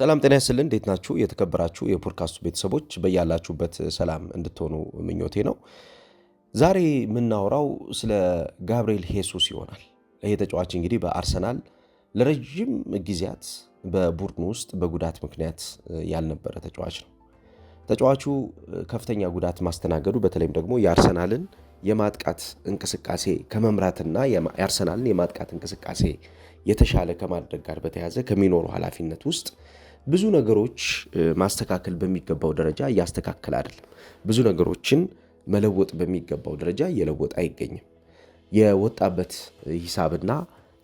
ሰላም ጤና ይስጥልን። እንዴት ናችሁ? የተከበራችሁ የፖድካስቱ ቤተሰቦች በያላችሁበት ሰላም እንድትሆኑ ምኞቴ ነው። ዛሬ የምናወራው ስለ ጋብርኤል ሄሱስ ይሆናል። ይሄ ተጫዋች እንግዲህ በአርሰናል ለረዥም ጊዜያት በቡድኑ ውስጥ በጉዳት ምክንያት ያልነበረ ተጫዋች ነው። ተጫዋቹ ከፍተኛ ጉዳት ማስተናገዱ በተለይም ደግሞ የአርሰናልን የማጥቃት እንቅስቃሴ ከመምራትና የአርሰናልን የማጥቃት እንቅስቃሴ የተሻለ ከማድረግ ጋር በተያያዘ ከሚኖሩ ኃላፊነት ውስጥ ብዙ ነገሮች ማስተካከል በሚገባው ደረጃ እያስተካከል አይደለም። ብዙ ነገሮችን መለወጥ በሚገባው ደረጃ እየለወጠ አይገኝም። የወጣበት ሂሳብና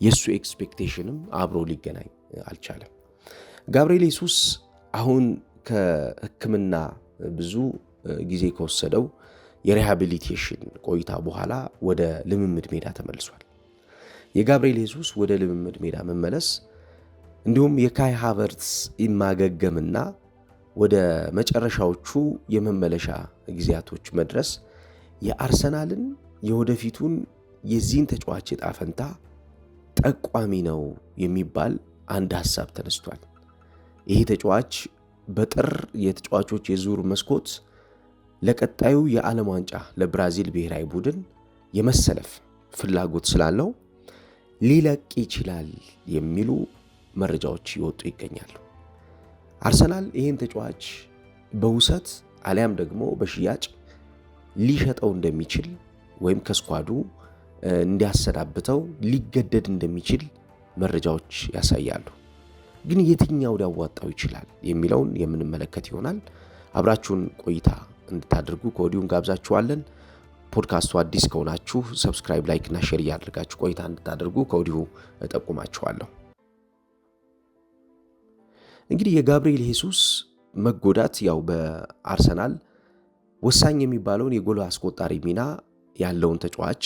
የእሱ ኤክስፔክቴሽንም አብሮ ሊገናኝ አልቻለም። ጋብርኤል ሱስ አሁን ከሕክምና ብዙ ጊዜ ከወሰደው የሪሃቢሊቴሽን ቆይታ በኋላ ወደ ልምምድ ሜዳ ተመልሷል። የጋብርኤል ሱስ ወደ ልምምድ ሜዳ መመለስ እንዲሁም የካይ ሃቨርትስ ይማገገምና ወደ መጨረሻዎቹ የመመለሻ ጊዜያቶች መድረስ የአርሰናልን የወደፊቱን የዚህን ተጫዋች ዕጣ ፈንታ ጠቋሚ ነው የሚባል አንድ ሀሳብ ተነስቷል። ይሄ ተጫዋች በጥር የተጫዋቾች የዙር መስኮት ለቀጣዩ የዓለም ዋንጫ ለብራዚል ብሔራዊ ቡድን የመሰለፍ ፍላጎት ስላለው ሊለቅ ይችላል የሚሉ መረጃዎች ይወጡ ይገኛሉ። አርሰናል ይህን ተጫዋች በውሰት አሊያም ደግሞ በሽያጭ ሊሸጠው እንደሚችል ወይም ከስኳዱ እንዲያሰናብተው ሊገደድ እንደሚችል መረጃዎች ያሳያሉ። ግን የትኛው ሊያዋጣው ይችላል የሚለውን የምንመለከት ይሆናል። አብራችሁን ቆይታ እንድታደርጉ ከወዲሁን ጋብዛችኋለን። ፖድካስቱ አዲስ ከሆናችሁ ሰብስክራይብ፣ ላይክ እና ሼር እያደርጋችሁ ቆይታ እንድታደርጉ ከወዲሁ እጠቁማችኋለሁ። እንግዲህ የጋብርኤል ሄሱስ መጎዳት ያው በአርሰናል ወሳኝ የሚባለውን የጎል አስቆጣሪ ሚና ያለውን ተጫዋች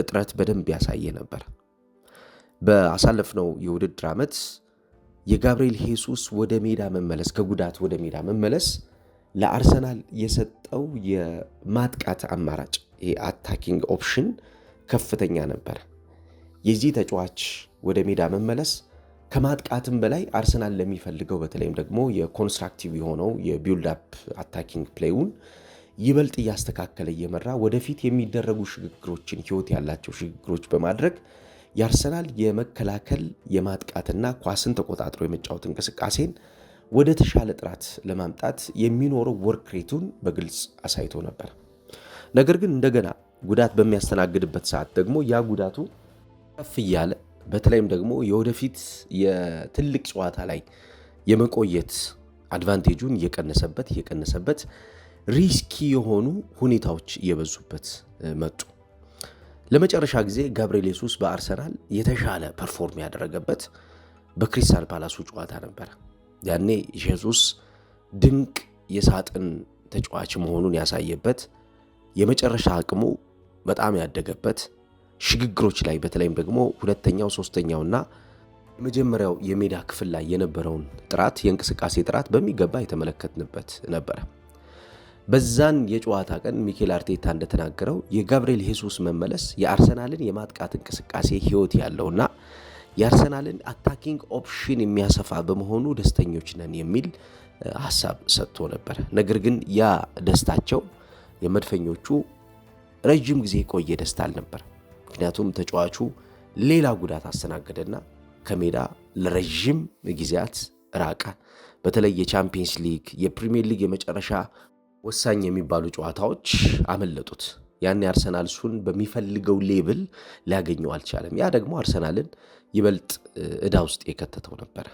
እጥረት በደንብ ያሳየ ነበር። በአሳለፍነው የውድድር ዓመት የጋብርኤል ሄሱስ ወደ ሜዳ መመለስ ከጉዳት ወደ ሜዳ መመለስ ለአርሰናል የሰጠው የማጥቃት አማራጭ ይሄ አታኪንግ ኦፕሽን ከፍተኛ ነበር። የዚህ ተጫዋች ወደ ሜዳ መመለስ ከማጥቃትም በላይ አርሰናል ለሚፈልገው በተለይም ደግሞ የኮንስትራክቲቭ የሆነው የቢልድ አፕ አታኪንግ ፕሌውን ይበልጥ እያስተካከለ እየመራ ወደፊት የሚደረጉ ሽግግሮችን ህይወት ያላቸው ሽግግሮች በማድረግ የአርሰናል የመከላከል የማጥቃትና ኳስን ተቆጣጥሮ የመጫወት እንቅስቃሴን ወደ ተሻለ ጥራት ለማምጣት የሚኖረው ወርክ ሬቱን በግልጽ አሳይቶ ነበር። ነገር ግን እንደገና ጉዳት በሚያስተናግድበት ሰዓት ደግሞ ያ ጉዳቱ ከፍ እያለ በተለይም ደግሞ የወደፊት የትልቅ ጨዋታ ላይ የመቆየት አድቫንቴጁን እየቀነሰበት እየቀነሰበት ሪስኪ የሆኑ ሁኔታዎች እየበዙበት መጡ። ለመጨረሻ ጊዜ ጋብርኤል ሱስ በአርሰናል የተሻለ ፐርፎርም ያደረገበት በክሪስታል ፓላሱ ጨዋታ ነበረ። ያኔ ጄሱስ ድንቅ የሳጥን ተጫዋች መሆኑን ያሳየበት የመጨረሻ አቅሙ በጣም ያደገበት ሽግግሮች ላይ በተለይም ደግሞ ሁለተኛው ሶስተኛውና የመጀመሪያው የሜዳ ክፍል ላይ የነበረውን ጥራት የእንቅስቃሴ ጥራት በሚገባ የተመለከትንበት ነበረ። በዛን የጨዋታ ቀን ሚኬል አርቴታ እንደተናገረው የጋብርኤል ሄሱስ መመለስ የአርሰናልን የማጥቃት እንቅስቃሴ ህይወት ያለውና የአርሰናልን አታኪንግ ኦፕሽን የሚያሰፋ በመሆኑ ደስተኞች ነን የሚል ሀሳብ ሰጥቶ ነበር። ነገር ግን ያ ደስታቸው የመድፈኞቹ ረዥም ጊዜ የቆየ ደስታ አልነበር። ምክንያቱም ተጫዋቹ ሌላ ጉዳት አስተናገደና ከሜዳ ለረዥም ጊዜያት ራቀ። በተለይ የቻምፒየንስ ሊግ፣ የፕሪሚየር ሊግ የመጨረሻ ወሳኝ የሚባሉ ጨዋታዎች አመለጡት። ያኔ አርሰናል እሱን በሚፈልገው ሌብል ሊያገኘው አልቻለም። ያ ደግሞ አርሰናልን ይበልጥ እዳ ውስጥ የከተተው ነበረ።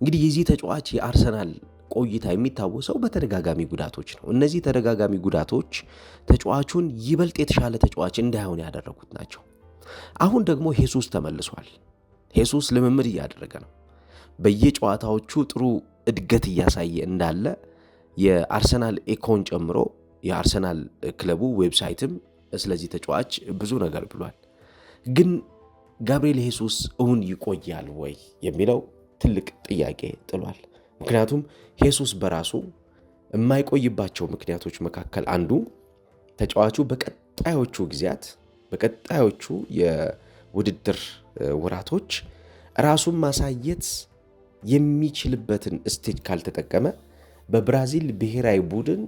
እንግዲህ የዚህ ተጫዋች የአርሰናል ቆይታ የሚታወሰው በተደጋጋሚ ጉዳቶች ነው። እነዚህ ተደጋጋሚ ጉዳቶች ተጫዋቹን ይበልጥ የተሻለ ተጫዋች እንዳይሆን ያደረጉት ናቸው። አሁን ደግሞ ሄሱስ ተመልሷል። ሄሱስ ልምምድ እያደረገ ነው። በየጨዋታዎቹ ጥሩ እድገት እያሳየ እንዳለ የአርሰናል ኤኮን ጨምሮ የአርሰናል ክለቡ ዌብሳይትም ስለዚህ ተጫዋች ብዙ ነገር ብሏል። ግን ጋብርኤል ሄሱስ እውን ይቆያል ወይ የሚለው ትልቅ ጥያቄ ጥሏል። ምክንያቱም ሄሱስ በራሱ የማይቆይባቸው ምክንያቶች መካከል አንዱ ተጫዋቹ በቀጣዮቹ ጊዜያት በቀጣዮቹ የውድድር ወራቶች ራሱን ማሳየት የሚችልበትን ስቴጅ ካልተጠቀመ በብራዚል ብሔራዊ ቡድን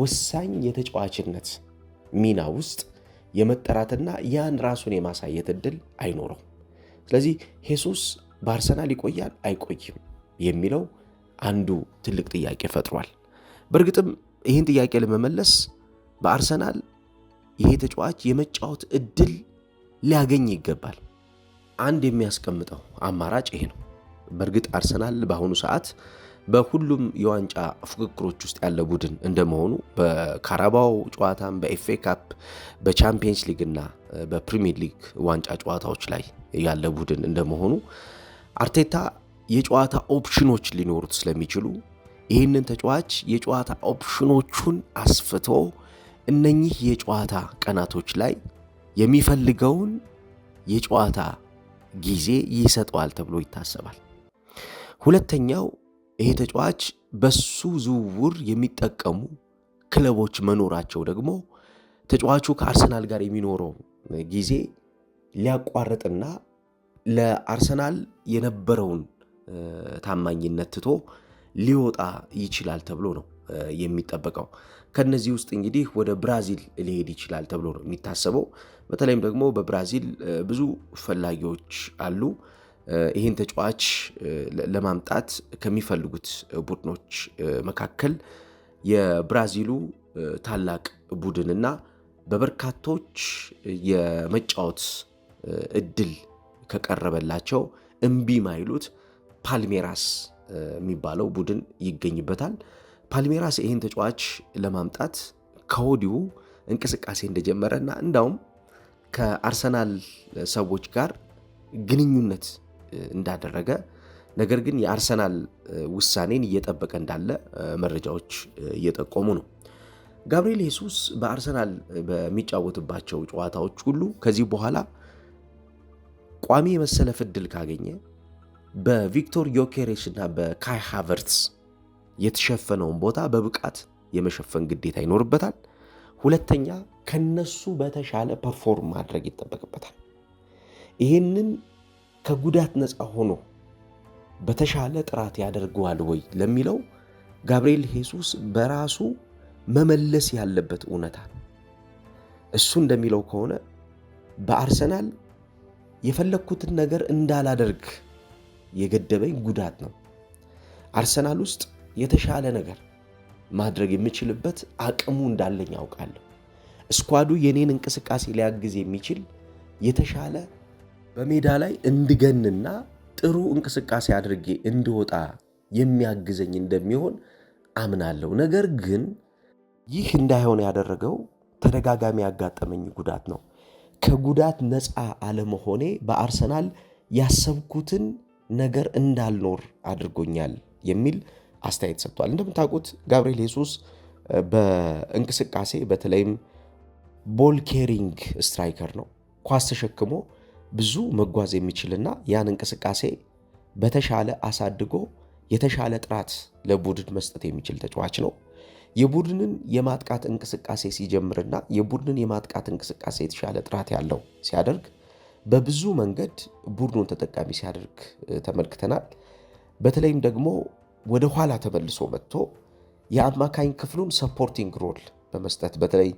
ወሳኝ የተጫዋችነት ሚና ውስጥ የመጠራትና ያን ራሱን የማሳየት እድል አይኖረው። ስለዚህ ሄሱስ በአርሰናል ይቆያል አይቆይም የሚለው አንዱ ትልቅ ጥያቄ ፈጥሯል። በእርግጥም ይህን ጥያቄ ለመመለስ በአርሰናል ይሄ ተጫዋች የመጫወት እድል ሊያገኝ ይገባል። አንድ የሚያስቀምጠው አማራጭ ይሄ ነው። በእርግጥ አርሰናል በአሁኑ ሰዓት በሁሉም የዋንጫ ፉክክሮች ውስጥ ያለ ቡድን እንደመሆኑ በካራባው ጨዋታም በኤፍኤ ካፕ በቻምፒየንስ እና በፕሪሚየር ሊግ ዋንጫ ጨዋታዎች ላይ ያለ ቡድን እንደመሆኑ አርቴታ የጨዋታ ኦፕሽኖች ሊኖሩት ስለሚችሉ ይህንን ተጫዋች የጨዋታ ኦፕሽኖቹን አስፍቶ እነኚህ የጨዋታ ቀናቶች ላይ የሚፈልገውን የጨዋታ ጊዜ ይሰጠዋል ተብሎ ይታሰባል። ሁለተኛው ይሄ ተጫዋች በሱ ዝውውር የሚጠቀሙ ክለቦች መኖራቸው ደግሞ ተጫዋቹ ከአርሰናል ጋር የሚኖረው ጊዜ ሊያቋርጥና ለአርሰናል የነበረውን ታማኝነት ትቶ ሊወጣ ይችላል ተብሎ ነው የሚጠበቀው። ከነዚህ ውስጥ እንግዲህ ወደ ብራዚል ሊሄድ ይችላል ተብሎ ነው የሚታሰበው። በተለይም ደግሞ በብራዚል ብዙ ፈላጊዎች አሉ። ይህን ተጫዋች ለማምጣት ከሚፈልጉት ቡድኖች መካከል የብራዚሉ ታላቅ ቡድንና በበርካቶች የመጫወት እድል ከቀረበላቸው እምቢ ማይሉት ፓልሜራስ የሚባለው ቡድን ይገኝበታል። ፓልሜራስ ይህን ተጫዋች ለማምጣት ከወዲሁ እንቅስቃሴ እንደጀመረ እና እንዳውም ከአርሰናል ሰዎች ጋር ግንኙነት እንዳደረገ ነገር ግን የአርሰናል ውሳኔን እየጠበቀ እንዳለ መረጃዎች እየጠቆሙ ነው። ጋብርኤል ሄሱስ በአርሰናል በሚጫወትባቸው ጨዋታዎች ሁሉ ከዚህ በኋላ ቋሚ የመሰለፍ ፍድል ካገኘ በቪክቶር ዮኬሬሽ እና በካይ ሃቨርትስ የተሸፈነውን ቦታ በብቃት የመሸፈን ግዴታ ይኖርበታል። ሁለተኛ ከነሱ በተሻለ ፐርፎርም ማድረግ ይጠበቅበታል። ይህንን ከጉዳት ነፃ ሆኖ በተሻለ ጥራት ያደርገዋል ወይ ለሚለው ጋብርኤል ሄሱስ በራሱ መመለስ ያለበት እውነታ ነው። እሱ እንደሚለው ከሆነ በአርሰናል የፈለግኩትን ነገር እንዳላደርግ የገደበኝ ጉዳት ነው። አርሰናል ውስጥ የተሻለ ነገር ማድረግ የምችልበት አቅሙ እንዳለኝ አውቃለሁ እስኳዱ የኔን እንቅስቃሴ ሊያግዝ የሚችል የተሻለ በሜዳ ላይ እንድገንና ጥሩ እንቅስቃሴ አድርጌ እንድወጣ የሚያግዘኝ እንደሚሆን አምናለሁ። ነገር ግን ይህ እንዳይሆን ያደረገው ተደጋጋሚ ያጋጠመኝ ጉዳት ነው። ከጉዳት ነፃ አለመሆኔ በአርሰናል ያሰብኩትን ነገር እንዳልኖር አድርጎኛል የሚል አስተያየት ሰጥቷል። እንደምታውቁት ጋብርኤል ሄሱስ በእንቅስቃሴ በተለይም ቦል ኬሪንግ ስትራይከር ነው። ኳስ ተሸክሞ ብዙ መጓዝ የሚችልና ያን እንቅስቃሴ በተሻለ አሳድጎ የተሻለ ጥራት ለቡድን መስጠት የሚችል ተጫዋች ነው። የቡድንን የማጥቃት እንቅስቃሴ ሲጀምርና የቡድንን የማጥቃት እንቅስቃሴ የተሻለ ጥራት ያለው ሲያደርግ በብዙ መንገድ ቡድኑን ተጠቃሚ ሲያደርግ ተመልክተናል። በተለይም ደግሞ ወደ ኋላ ተመልሶ መጥቶ የአማካኝ ክፍሉን ሰፖርቲንግ ሮል በመስጠት በተለይ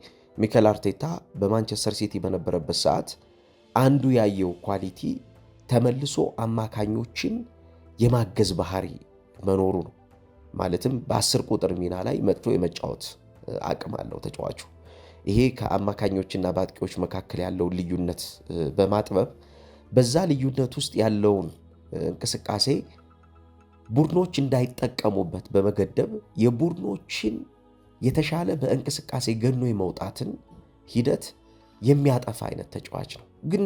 ሚኬል አርቴታ በማንቸስተር ሲቲ በነበረበት ሰዓት አንዱ ያየው ኳሊቲ ተመልሶ አማካኞችን የማገዝ ባህሪ መኖሩ ነው። ማለትም በአስር ቁጥር ሚና ላይ መጥቶ የመጫወት አቅም አለው ተጫዋቹ። ይሄ ከአማካኞችና በአጥቂዎች መካከል ያለውን ልዩነት በማጥበብ በዛ ልዩነት ውስጥ ያለውን እንቅስቃሴ ቡድኖች እንዳይጠቀሙበት በመገደብ የቡድኖችን የተሻለ በእንቅስቃሴ ገኖ የመውጣትን ሂደት የሚያጠፋ አይነት ተጫዋች ነው። ግን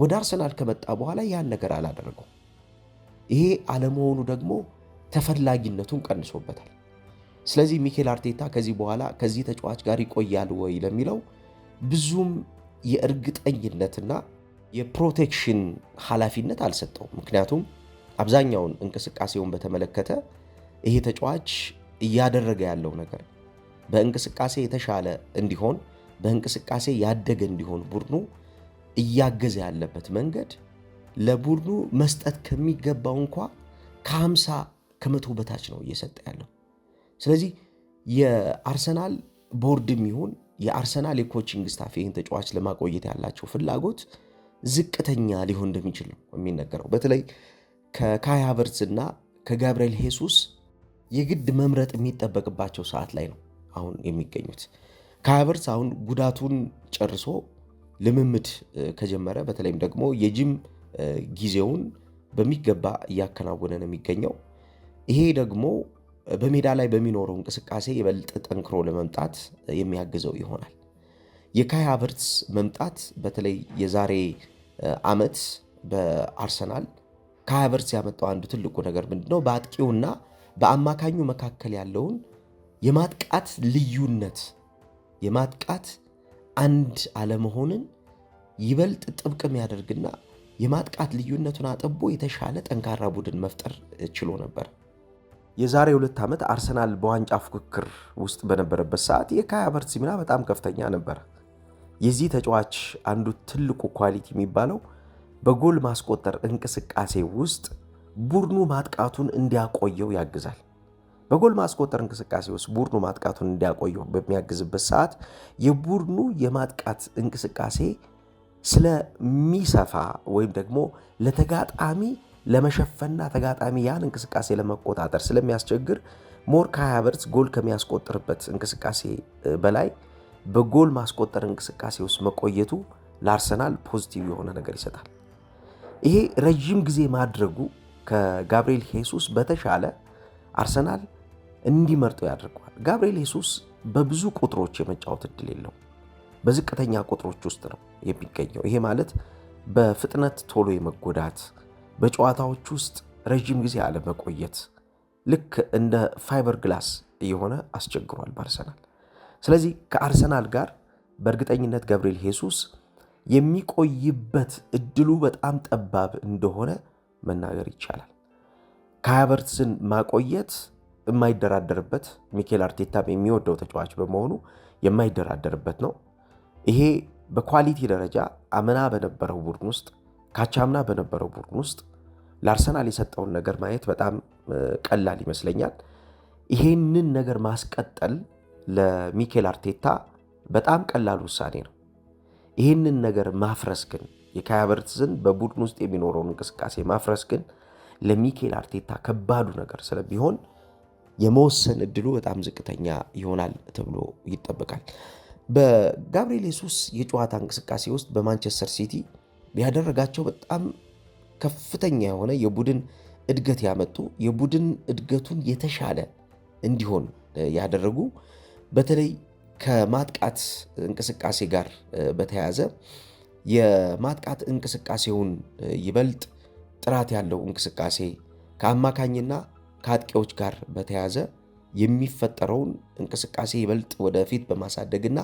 ወደ አርሰናል ከመጣ በኋላ ያን ነገር አላደረገው። ይሄ አለመሆኑ ደግሞ ተፈላጊነቱን ቀንሶበታል። ስለዚህ ሚኬል አርቴታ ከዚህ በኋላ ከዚህ ተጫዋች ጋር ይቆያል ወይ ለሚለው ብዙም የእርግጠኝነትና የፕሮቴክሽን ኃላፊነት አልሰጠውም። ምክንያቱም አብዛኛውን እንቅስቃሴውን በተመለከተ ይሄ ተጫዋች እያደረገ ያለው ነገር በእንቅስቃሴ የተሻለ እንዲሆን በእንቅስቃሴ ያደገ እንዲሆን ቡድኑ እያገዘ ያለበት መንገድ ለቡድኑ መስጠት ከሚገባው እንኳ ከ50 ከመቶ በታች ነው እየሰጠ ያለው። ስለዚህ የአርሰናል ቦርድም ይሁን የአርሰናል የኮችንግ ስታፍ ይህን ተጫዋች ለማቆየት ያላቸው ፍላጎት ዝቅተኛ ሊሆን እንደሚችል ነው የሚነገረው በተለይ ከካያ ሃቨርትዝ እና ከጋብርኤል ሄሱስ የግድ መምረጥ የሚጠበቅባቸው ሰዓት ላይ ነው አሁን የሚገኙት። ካያ ሃቨርትዝ አሁን ጉዳቱን ጨርሶ ልምምድ ከጀመረ በተለይም ደግሞ የጂም ጊዜውን በሚገባ እያከናወነ ነው የሚገኘው። ይሄ ደግሞ በሜዳ ላይ በሚኖረው እንቅስቃሴ የበለጠ ጠንክሮ ለመምጣት የሚያግዘው ይሆናል። የካያ ሃቨርትዝ መምጣት በተለይ የዛሬ ዓመት በአርሰናል ከሀቨርስ ያመጣው አንዱ ትልቁ ነገር ምንድነው? በአጥቂውና በአማካኙ መካከል ያለውን የማጥቃት ልዩነት የማጥቃት አንድ አለመሆንን ይበልጥ ጥብቅም ያደርግና የማጥቃት ልዩነቱን አጠቦ የተሻለ ጠንካራ ቡድን መፍጠር ችሎ ነበር። የዛሬ ሁለት ዓመት አርሰናል በዋንጫ ፉክክር ውስጥ በነበረበት ሰዓት የካይ ሃቨርትዝ ሚና በጣም ከፍተኛ ነበር። የዚህ ተጫዋች አንዱ ትልቁ ኳሊቲ የሚባለው በጎል ማስቆጠር እንቅስቃሴ ውስጥ ቡድኑ ማጥቃቱን እንዲያቆየው ያግዛል። በጎል ማስቆጠር እንቅስቃሴ ውስጥ ቡድኑ ማጥቃቱን እንዲያቆየው በሚያግዝበት ሰዓት የቡድኑ የማጥቃት እንቅስቃሴ ስለሚሰፋ ወይም ደግሞ ለተጋጣሚ ለመሸፈንና ተጋጣሚ ያን እንቅስቃሴ ለመቆጣጠር ስለሚያስቸግር ሞር ከሀያ ጎል ከሚያስቆጥርበት እንቅስቃሴ በላይ በጎል ማስቆጠር እንቅስቃሴ ውስጥ መቆየቱ ለአርሰናል ፖዚቲቭ የሆነ ነገር ይሰጣል። ይሄ ረዥም ጊዜ ማድረጉ ከጋብርኤል ሄሱስ በተሻለ አርሰናል እንዲመርጠው ያደርገዋል። ጋብርኤል ሄሱስ በብዙ ቁጥሮች የመጫወት እድል የለው፣ በዝቅተኛ ቁጥሮች ውስጥ ነው የሚገኘው። ይሄ ማለት በፍጥነት ቶሎ የመጎዳት በጨዋታዎች ውስጥ ረዥም ጊዜ አለመቆየት ልክ እንደ ፋይበር ግላስ እየሆነ አስቸግሯል በአርሰናል። ስለዚህ ከአርሰናል ጋር በእርግጠኝነት ገብርኤል ሄሱስ የሚቆይበት እድሉ በጣም ጠባብ እንደሆነ መናገር ይቻላል። ከሀቨርትስን ማቆየት የማይደራደርበት ሚኬል አርቴታም የሚወደው ተጫዋች በመሆኑ የማይደራደርበት ነው። ይሄ በኳሊቲ ደረጃ አምና በነበረው ቡድን ውስጥ ካቻምና በነበረው ቡድን ውስጥ ለአርሰናል የሰጠውን ነገር ማየት በጣም ቀላል ይመስለኛል። ይሄንን ነገር ማስቀጠል ለሚኬል አርቴታ በጣም ቀላል ውሳኔ ነው። ይህንን ነገር ማፍረስ ግን የካይ ሃቨርትዝን በቡድን ውስጥ የሚኖረውን እንቅስቃሴ ማፍረስ ግን ለሚኬል አርቴታ ከባዱ ነገር ስለሚሆን የመወሰን እድሉ በጣም ዝቅተኛ ይሆናል ተብሎ ይጠበቃል። በጋብሪኤል የሱስ የጨዋታ እንቅስቃሴ ውስጥ በማንቸስተር ሲቲ ያደረጋቸው በጣም ከፍተኛ የሆነ የቡድን እድገት ያመጡ የቡድን እድገቱን የተሻለ እንዲሆን ያደረጉ በተለይ ከማጥቃት እንቅስቃሴ ጋር በተያያዘ የማጥቃት እንቅስቃሴውን ይበልጥ ጥራት ያለው እንቅስቃሴ ከአማካኝና ከአጥቂዎች ጋር በተያያዘ የሚፈጠረውን እንቅስቃሴ ይበልጥ ወደፊት በማሳደግና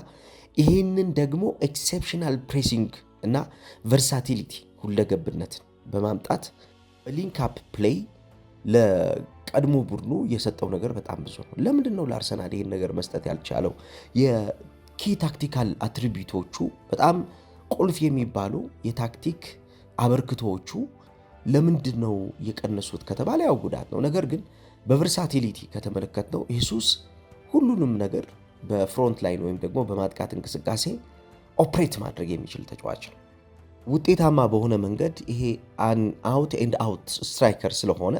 ይህንን ደግሞ ኤክሴፕሽናል ፕሬሲንግ እና ቨርሳቲሊቲ ሁለገብነትን በማምጣት በሊንክ አፕ ፕሌይ ቀድሞ ቡድኑ የሰጠው ነገር በጣም ብዙ ነው። ለምንድን ነው ለአርሰናል ይህን ነገር መስጠት ያልቻለው? የኪ ታክቲካል አትሪቢቶቹ በጣም ቁልፍ የሚባሉ የታክቲክ አበርክቶዎቹ ለምንድን ነው የቀነሱት ከተባለ ያው ጉዳት ነው። ነገር ግን በቨርሳቲሊቲ ከተመለከት ነው ኢየሱስ ሁሉንም ነገር በፍሮንት ላይን ወይም ደግሞ በማጥቃት እንቅስቃሴ ኦፕሬት ማድረግ የሚችል ተጫዋች ነው። ውጤታማ በሆነ መንገድ ይሄ አን አውት ኤንድ አውት ስትራይከር ስለሆነ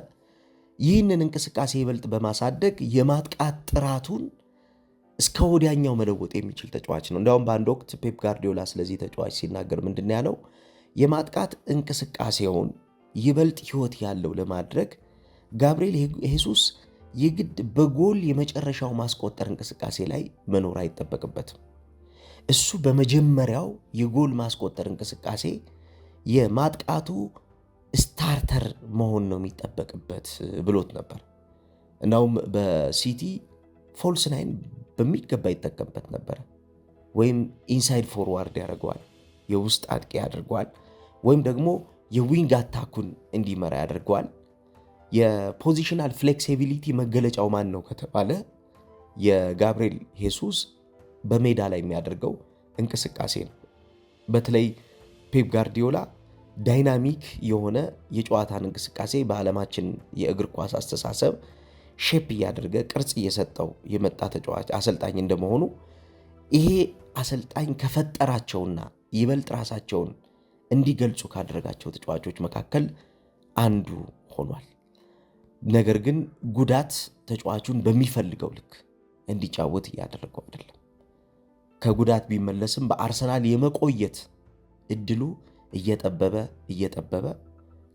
ይህንን እንቅስቃሴ ይበልጥ በማሳደግ የማጥቃት ጥራቱን እስከ ወዲያኛው መለወጥ የሚችል ተጫዋች ነው። እንዲያውም በአንድ ወቅት ፔፕ ጋርዲዮላ ስለዚህ ተጫዋች ሲናገር ምንድን ያለው የማጥቃት እንቅስቃሴውን ይበልጥ ሕይወት ያለው ለማድረግ ጋብርኤል ሄሱስ የግድ በጎል የመጨረሻው ማስቆጠር እንቅስቃሴ ላይ መኖር አይጠበቅበትም። እሱ በመጀመሪያው የጎል ማስቆጠር እንቅስቃሴ የማጥቃቱ ስታርተር መሆን ነው የሚጠበቅበት ብሎት ነበር። እናውም በሲቲ ፎልስ ናይን በሚገባ ይጠቀምበት ነበረ። ወይም ኢንሳይድ ፎርዋርድ ያደርገዋል፣ የውስጥ አጥቂ ያደርገዋል፣ ወይም ደግሞ የዊንግ አታኩን እንዲመራ ያደርገዋል። የፖዚሽናል ፍሌክሲቢሊቲ መገለጫው ማን ነው ከተባለ የጋብሪኤል ሄሱስ በሜዳ ላይ የሚያደርገው እንቅስቃሴ ነው። በተለይ ፔፕ ጋርዲዮላ ዳይናሚክ የሆነ የጨዋታን እንቅስቃሴ በዓለማችን የእግር ኳስ አስተሳሰብ ሼፕ እያደረገ ቅርጽ እየሰጠው የመጣ ተጫዋች አሰልጣኝ እንደመሆኑ ይሄ አሰልጣኝ ከፈጠራቸውና ይበልጥ ራሳቸውን እንዲገልጹ ካደረጋቸው ተጫዋቾች መካከል አንዱ ሆኗል። ነገር ግን ጉዳት ተጫዋቹን በሚፈልገው ልክ እንዲጫወት እያደረገው አይደለም። ከጉዳት ቢመለስም በአርሰናል የመቆየት እድሉ እየጠበበ እየጠበበ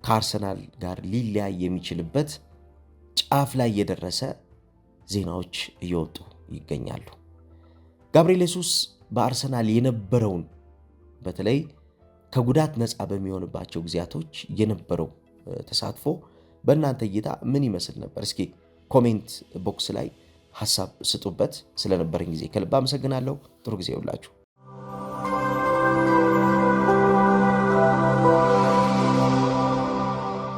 ከአርሰናል ጋር ሊለያይ የሚችልበት ጫፍ ላይ የደረሰ ዜናዎች እየወጡ ይገኛሉ። ጋብርኤል ሱስ በአርሰናል የነበረውን በተለይ ከጉዳት ነፃ በሚሆንባቸው ጊዜያቶች የነበረው ተሳትፎ በእናንተ እይታ ምን ይመስል ነበር? እስኪ ኮሜንት ቦክስ ላይ ሀሳብ ስጡበት። ስለነበረኝ ጊዜ ከልብ አመሰግናለሁ። ጥሩ ጊዜ ይውላችሁ።